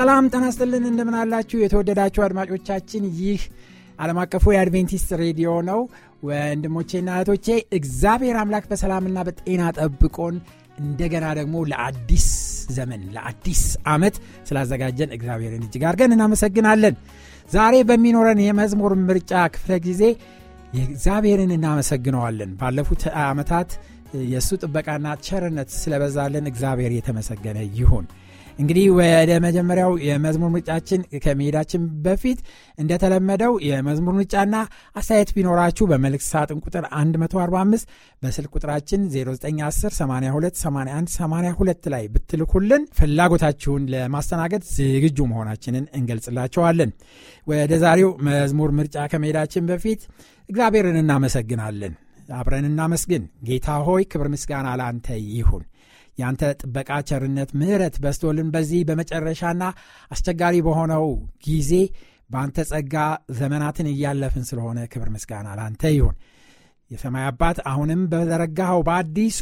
ሰላም ጤና እንደምናላችሁ የተወደዳችሁ አድማጮቻችን ይህ ዓለም አቀፉ የአድቬንቲስት ሬዲዮ ነው ወንድሞቼና እህቶቼ እግዚአብሔር አምላክ በሰላምና በጤና ጠብቆን እንደገና ደግሞ ለአዲስ ዘመን ለአዲስ ዓመት ስላዘጋጀን እግዚአብሔርን እጅግ አድርገን እናመሰግናለን ዛሬ በሚኖረን የመዝሙር ምርጫ ክፍለ ጊዜ እግዚአብሔርን እናመሰግነዋለን ባለፉት ዓመታት የእሱ ጥበቃና ቸርነት ስለበዛልን እግዚአብሔር የተመሰገነ ይሁን እንግዲህ ወደ መጀመሪያው የመዝሙር ምርጫችን ከመሄዳችን በፊት እንደተለመደው የመዝሙር ምርጫና አስተያየት ቢኖራችሁ በመልእክት ሳጥን ቁጥር 145 በስልክ ቁጥራችን 0910828182 ላይ ብትልኩልን ፍላጎታችሁን ለማስተናገድ ዝግጁ መሆናችንን እንገልጽላቸዋለን። ወደ ዛሬው መዝሙር ምርጫ ከመሄዳችን በፊት እግዚአብሔርን እናመሰግናለን። አብረን እናመስግን። ጌታ ሆይ ክብር ምስጋና ለአንተ ይሁን። ያንተ ጥበቃ፣ ቸርነት፣ ምሕረት በስቶልን በዚህ በመጨረሻና አስቸጋሪ በሆነው ጊዜ በአንተ ጸጋ ዘመናትን እያለፍን ስለሆነ ክብር ምስጋና ለአንተ ይሁን። የሰማይ አባት አሁንም በዘረጋኸው በአዲሱ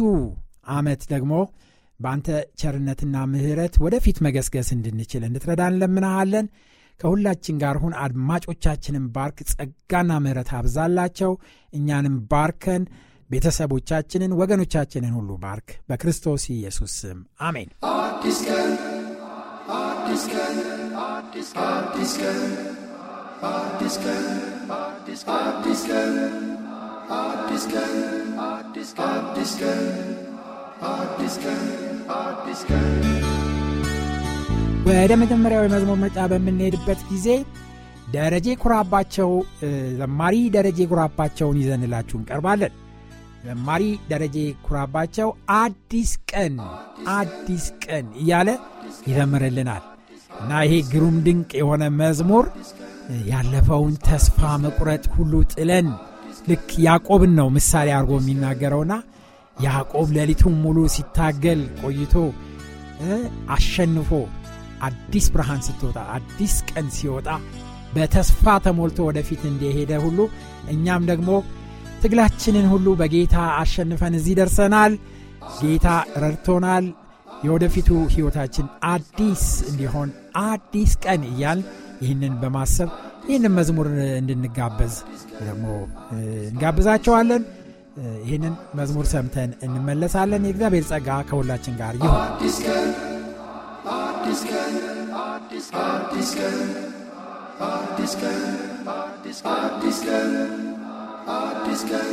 ዓመት ደግሞ በአንተ ቸርነትና ምሕረት ወደፊት መገስገስ እንድንችል እንድትረዳ እንለምናሃለን። ከሁላችን ጋር ሁን። አድማጮቻችንን ባርክ፣ ጸጋና ምሕረት አብዛላቸው። እኛንም ባርከን ቤተሰቦቻችንን፣ ወገኖቻችንን ሁሉ ባርክ። በክርስቶስ ኢየሱስ ስም አሜን። አዲስ ቀን አዲስ ቀን አዲስ ቀን አዲስ ቀን አዲስ ቀን አዲስ ቀን አዲስ ቀን አዲስ ቀን አዲስ ቀን ወደ መጀመሪያው የመዝሙር ምርጫ በምንሄድበት ጊዜ ደረጀ ኩራባቸው ዘማሪ ደረጀ ኩራባቸውን ይዘንላችሁ እንቀርባለን። ዘማሪ ደረጀ ኩራባቸው አዲስ ቀን አዲስ ቀን እያለ ይዘምርልናል እና ይሄ ግሩም ድንቅ የሆነ መዝሙር ያለፈውን ተስፋ መቁረጥ ሁሉ ጥለን ልክ ያዕቆብን ነው ምሳሌ አድርጎ የሚናገረውና ያዕቆብ ሌሊቱን ሙሉ ሲታገል ቆይቶ አሸንፎ አዲስ ብርሃን ስትወጣ አዲስ ቀን ሲወጣ በተስፋ ተሞልቶ ወደፊት እንደሄደ ሁሉ እኛም ደግሞ ትግላችንን ሁሉ በጌታ አሸንፈን እዚህ ደርሰናል። ጌታ ረድቶናል። የወደፊቱ ሕይወታችን አዲስ እንዲሆን አዲስ ቀን እያል ይህንን በማሰብ ይህንን መዝሙር እንድንጋበዝ ደግሞ እንጋብዛቸዋለን። ይህንን መዝሙር ሰምተን እንመለሳለን። የእግዚአብሔር ጸጋ ከሁላችን ጋር ይሁን። አዲስ ቀን አዲስ ቀን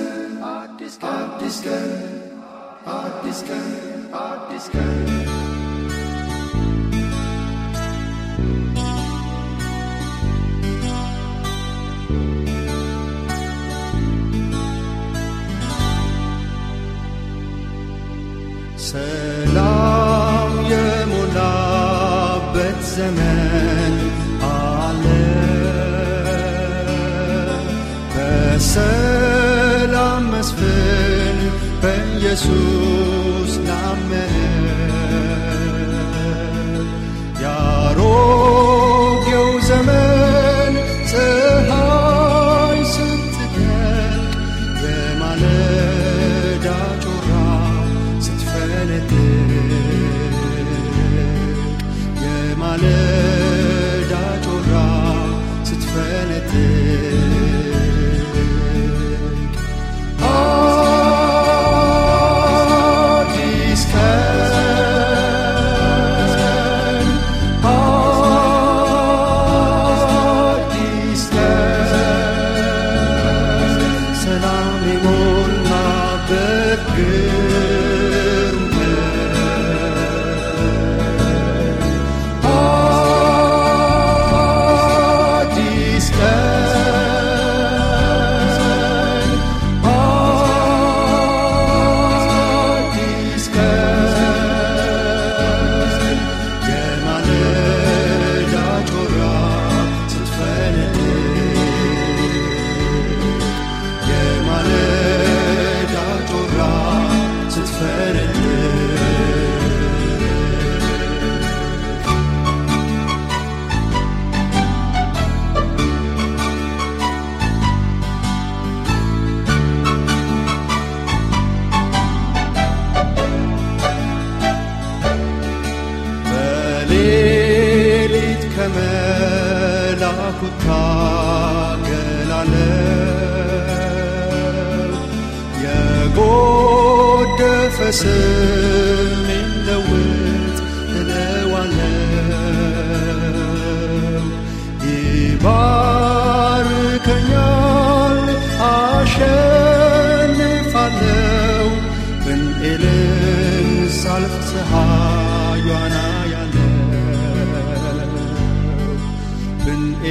አዲስ ቀን አዲስ ቀን አዲስ ቀን አዲስ ቀን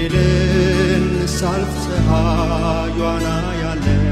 ኢልን ሳልፍ ፀሐይዋን ያለን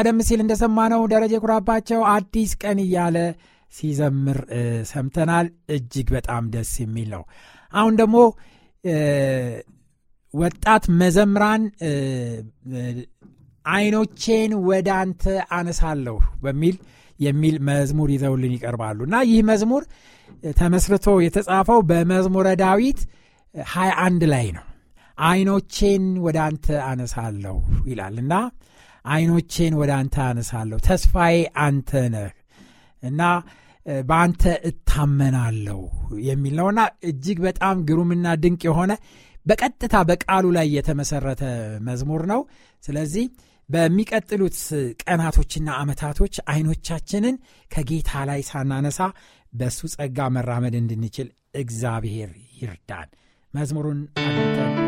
ቀደም ሲል እንደሰማነው ደረጀ ኩራባቸው አዲስ ቀን እያለ ሲዘምር ሰምተናል። እጅግ በጣም ደስ የሚል ነው። አሁን ደግሞ ወጣት መዘምራን አይኖቼን ወደ አንተ አነሳለሁ በሚል የሚል መዝሙር ይዘውልን ይቀርባሉ እና ይህ መዝሙር ተመስርቶ የተጻፈው በመዝሙረ ዳዊት 21 ላይ ነው። አይኖቼን ወደ አንተ አነሳለሁ ይላል እና አይኖቼን ወደ አንተ አነሳለሁ ተስፋዬ አንተ ነህ እና በአንተ እታመናለሁ የሚል ነውና እጅግ በጣም ግሩምና ድንቅ የሆነ በቀጥታ በቃሉ ላይ የተመሰረተ መዝሙር ነው ስለዚህ በሚቀጥሉት ቀናቶችና ዓመታቶች አይኖቻችንን ከጌታ ላይ ሳናነሳ በእሱ ጸጋ መራመድ እንድንችል እግዚአብሔር ይርዳን መዝሙሩን አድምጠን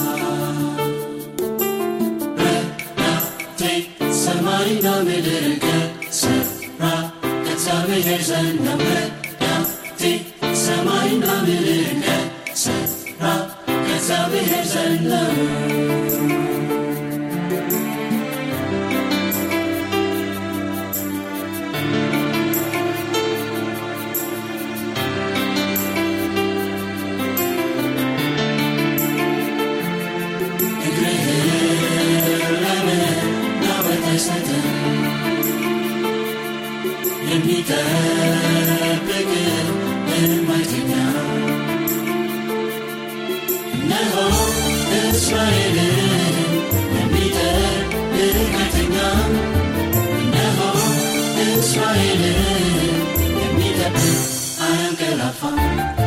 There's a number Israel, ne m'y plus à un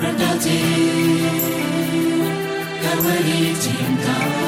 Berkati Kau beri cinta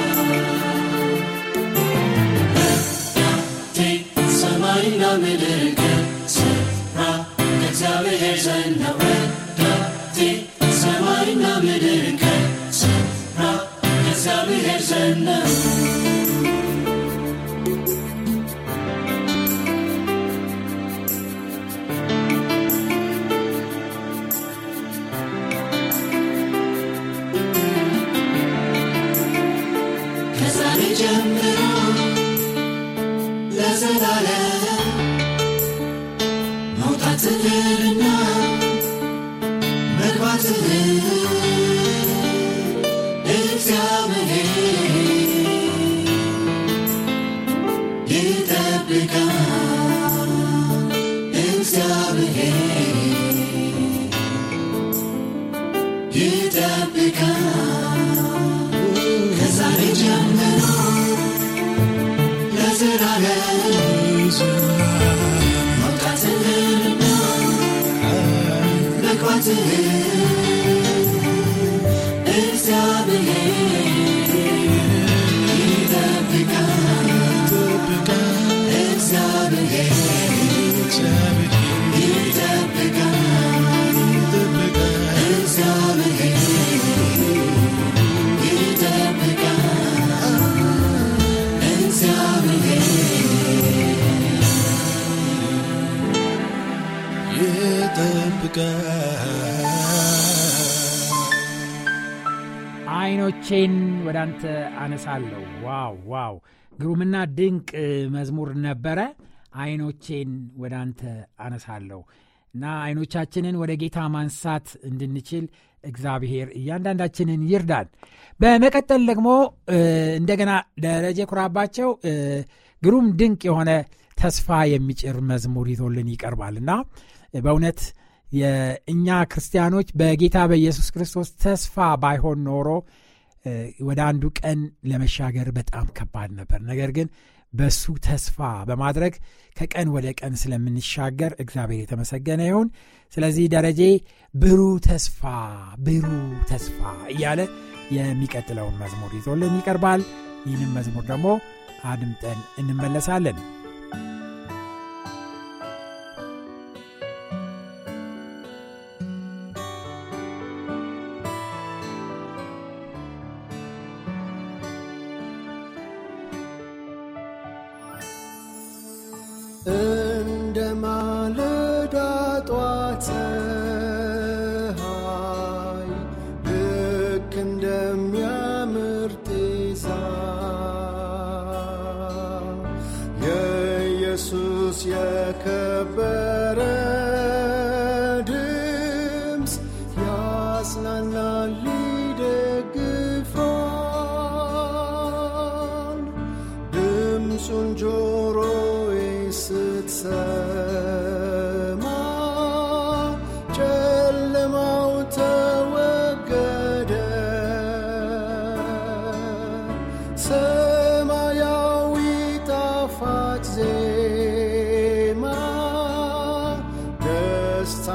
ዓይኖቼን ወደ አንተ አነሳለሁ። ዋው ዋው! ግሩምና ድንቅ መዝሙር ነበረ። አይኖቼን ወደ አንተ አነሳለሁ እና አይኖቻችንን ወደ ጌታ ማንሳት እንድንችል እግዚአብሔር እያንዳንዳችንን ይርዳል በመቀጠል ደግሞ እንደገና ደረጀ ኩራባቸው ግሩም ድንቅ የሆነ ተስፋ የሚጭር መዝሙር ይዞልን ይቀርባል እና በእውነት የእኛ ክርስቲያኖች በጌታ በኢየሱስ ክርስቶስ ተስፋ ባይሆን ኖሮ ወደ አንዱ ቀን ለመሻገር በጣም ከባድ ነበር። ነገር ግን በሱ ተስፋ በማድረግ ከቀን ወደ ቀን ስለምንሻገር እግዚአብሔር የተመሰገነ ይሁን። ስለዚህ ደረጀ ብሩህ ተስፋ ብሩህ ተስፋ እያለ የሚቀጥለውን መዝሙር ይዞልን ይቀርባል። ይህንም መዝሙር ደግሞ አድምጠን እንመለሳለን።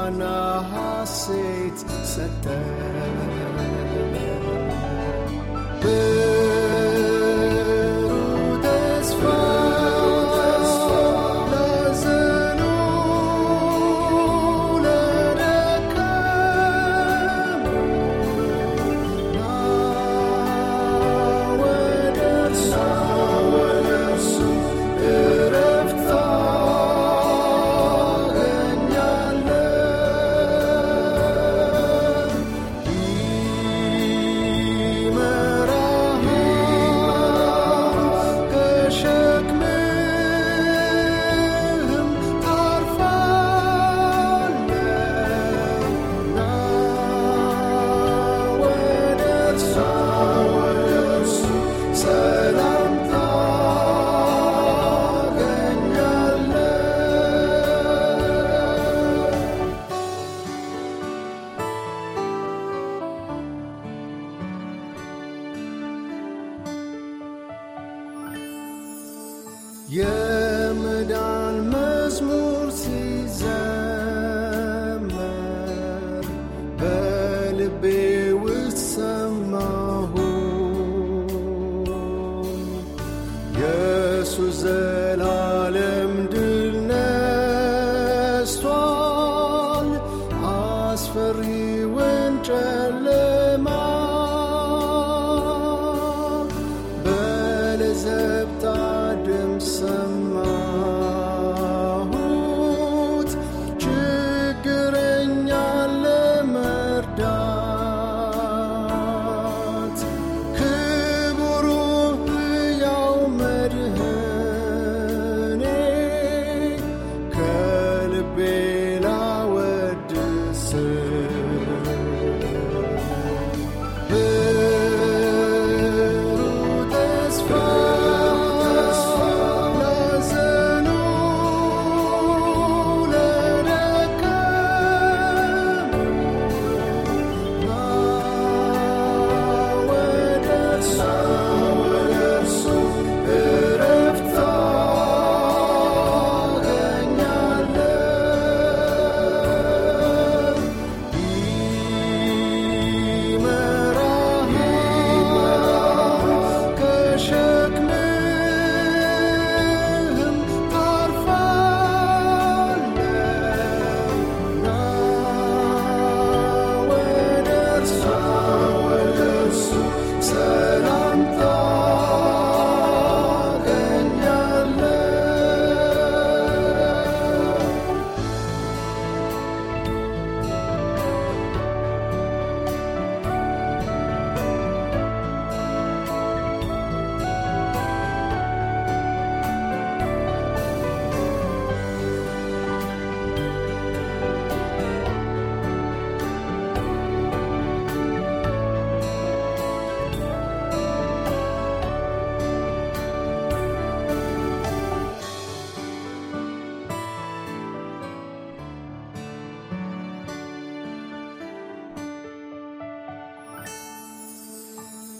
Hosanna, Hosanna, Satan. Boo.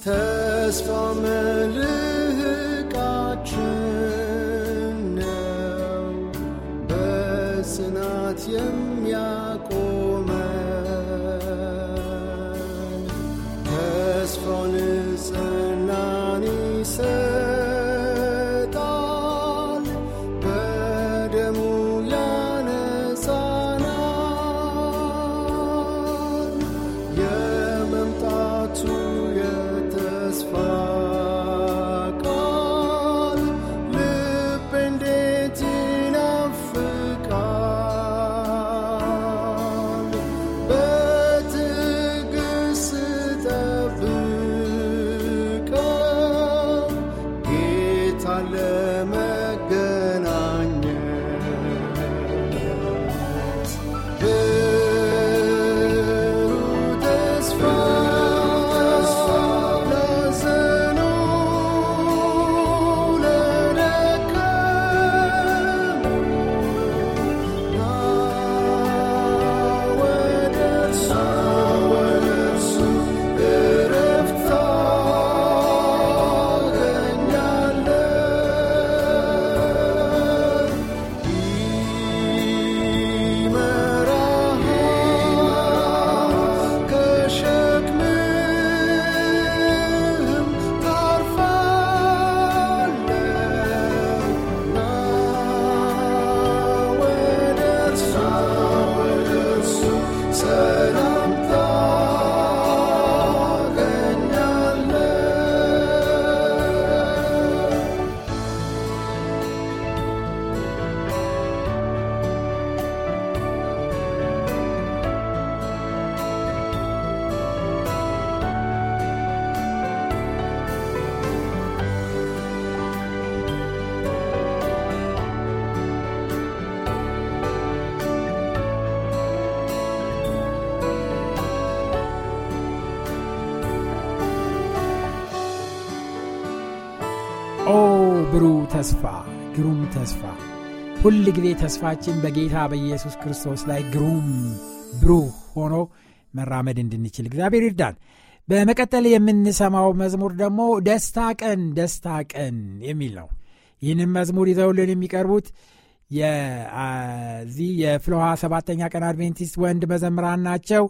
ተስፋ መልህቃችን ነው በጽናት የሚያቆ ታለ ተስፋ ግሩም ተስፋ ሁል ጊዜ ተስፋችን በጌታ በኢየሱስ ክርስቶስ ላይ ግሩም ብሩህ ሆኖ መራመድ እንድንችል እግዚአብሔር ይርዳን። በመቀጠል የምንሰማው መዝሙር ደግሞ ደስታ ቀን ደስታ ቀን የሚል ነው። ይህንም መዝሙር ይዘውልን የሚቀርቡት የዚህ የፍልውሃ ሰባተኛ ቀን አድቬንቲስት ወንድ መዘምራን ናቸው።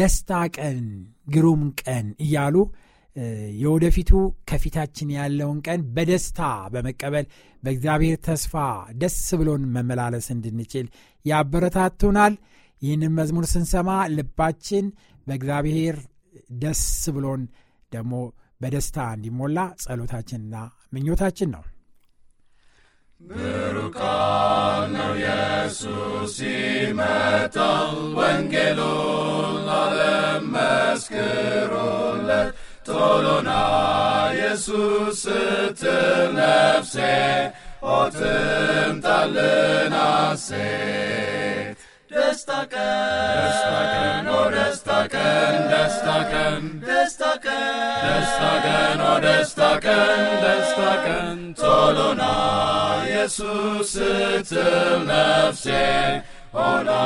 ደስታ ቀን ግሩም ቀን እያሉ የወደፊቱ ከፊታችን ያለውን ቀን በደስታ በመቀበል በእግዚአብሔር ተስፋ ደስ ብሎን መመላለስ እንድንችል ያበረታቱናል። ይህንን መዝሙር ስንሰማ ልባችን በእግዚአብሔር ደስ ብሎን ደግሞ በደስታ እንዲሞላ ጸሎታችንና ምኞታችን ነው። ብሩካን ነው ኢየሱስ ሲመጣ ወንጌሉን ዓለም መስክሮለት Tolona Jesus ter nefse o tem talena se destaken destaken o destaken destaken destaken o destaken destaken Tolona Jesus ter nefse o na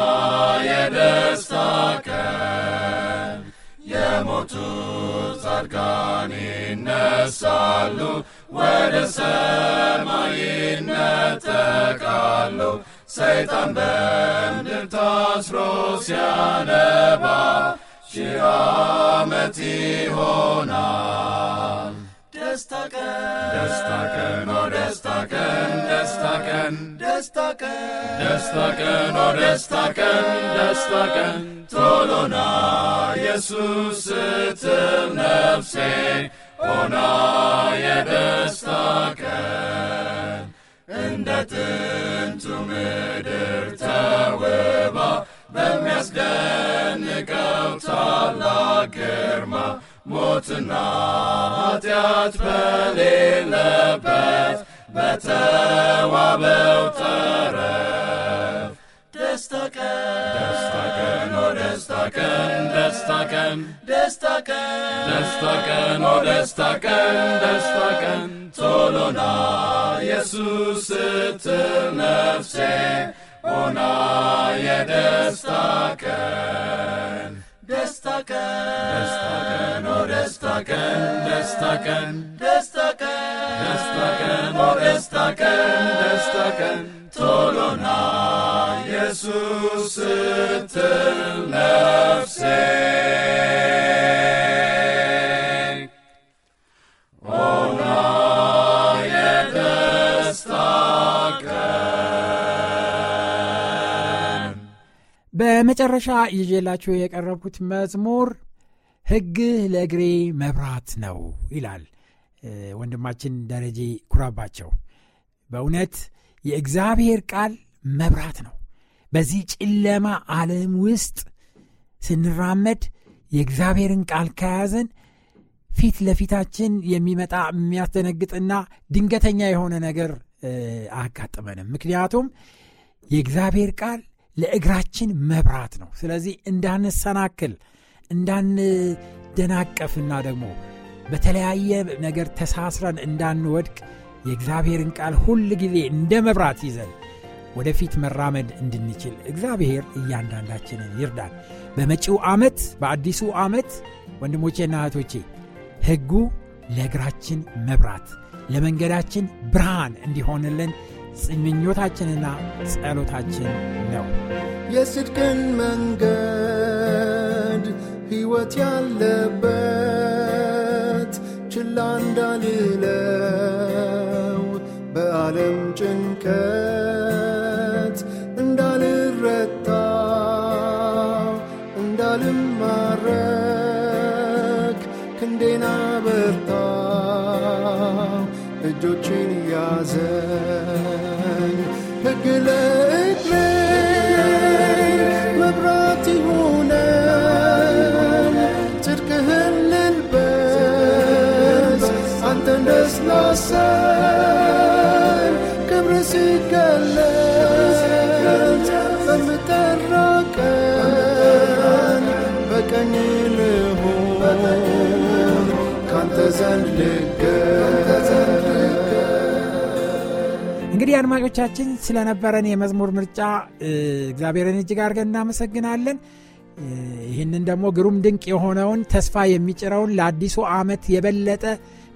je destaken ከሞቱ ጻድቃን ይነሳሉ፣ ወደ ሰማይ ይነጠቃሉ። ሰይጣን በምድር ታስሮ ሲያነባ ሺህ ዓመት ይሆናል። Destaken. Destaken, oh destaken, destaken. Destaken. Destaken, oh destaken, destaken. ቶሎና ኢየሱስ ስትል ነፍሴ ona ye Destaken. እንደ ጥንቱ ምድር ተውባ በሚያስደ ግርማ ሞትና ኃጢአት በሌለበት በተዋበው ጠረፍ ደስታ ደስታቀን ደስታቀን ቀን ቶሎና ኢየሱስ ስትነፍሴ ሆና የደስታቀን ደስታ ቀን ደስታ ቀን ደስታ ቀን ደስታ ቶሎና ኢየሱስ ስትል ነፍሴ በመጨረሻ ይዤላችሁ የቀረብኩት መዝሙር ሕግህ ለእግሬ መብራት ነው ይላል ወንድማችን ደረጄ ኩራባቸው። በእውነት የእግዚአብሔር ቃል መብራት ነው። በዚህ ጨለማ ዓለም ውስጥ ስንራመድ የእግዚአብሔርን ቃል ከያዘን ፊት ለፊታችን የሚመጣ የሚያስደነግጥና ድንገተኛ የሆነ ነገር አያጋጥመንም። ምክንያቱም የእግዚአብሔር ቃል ለእግራችን መብራት ነው። ስለዚህ እንዳንሰናክል፣ እንዳንደናቀፍና ደግሞ በተለያየ ነገር ተሳስረን እንዳንወድቅ የእግዚአብሔርን ቃል ሁል ጊዜ እንደ መብራት ይዘን ወደፊት መራመድ እንድንችል እግዚአብሔር እያንዳንዳችንን ይርዳን። በመጪው ዓመት በአዲሱ ዓመት ወንድሞቼና እህቶቼ ሕጉ ለእግራችን መብራት፣ ለመንገዳችን ብርሃን እንዲሆንልን ምኞታችንና ጸሎታችን ነው። የስድቅን መንገድ ሕይወት ያለበት ችላ እንዳልለው በዓለም ጭንቀት እንግዲህ አድማጮቻችን ስለነበረን የመዝሙር ምርጫ እግዚአብሔርን እጅግ አድርገን እናመሰግናለን። ይህንን ደግሞ ግሩም ድንቅ የሆነውን ተስፋ የሚጭረውን ለአዲሱ ዓመት የበለጠ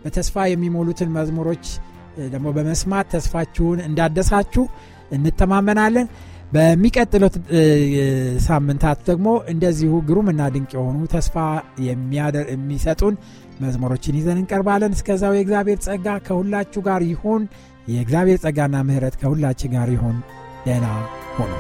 በተስፋ የሚሞሉትን መዝሙሮች ደግሞ በመስማት ተስፋችሁን እንዳደሳችሁ እንተማመናለን። በሚቀጥሉት ሳምንታት ደግሞ እንደዚሁ ግሩምና ድንቅ የሆኑ ተስፋ የሚሰጡን መዝሙሮችን ይዘን እንቀርባለን። እስከዛው የእግዚአብሔር ጸጋ ከሁላችሁ ጋር ይሁን። የእግዚአብሔር ጸጋና ምህረት ከሁላችን ጋር ይሁን። ደና ሆኑ።